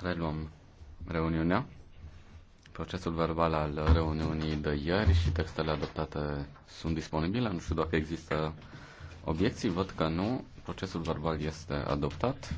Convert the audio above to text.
Reluăm reuniunea. Procesul verbal al reuniunii de ieri și textele adoptate sunt disponibile. Nu știu dacă există obiecții, văd că nu. Procesul verbal este adoptat.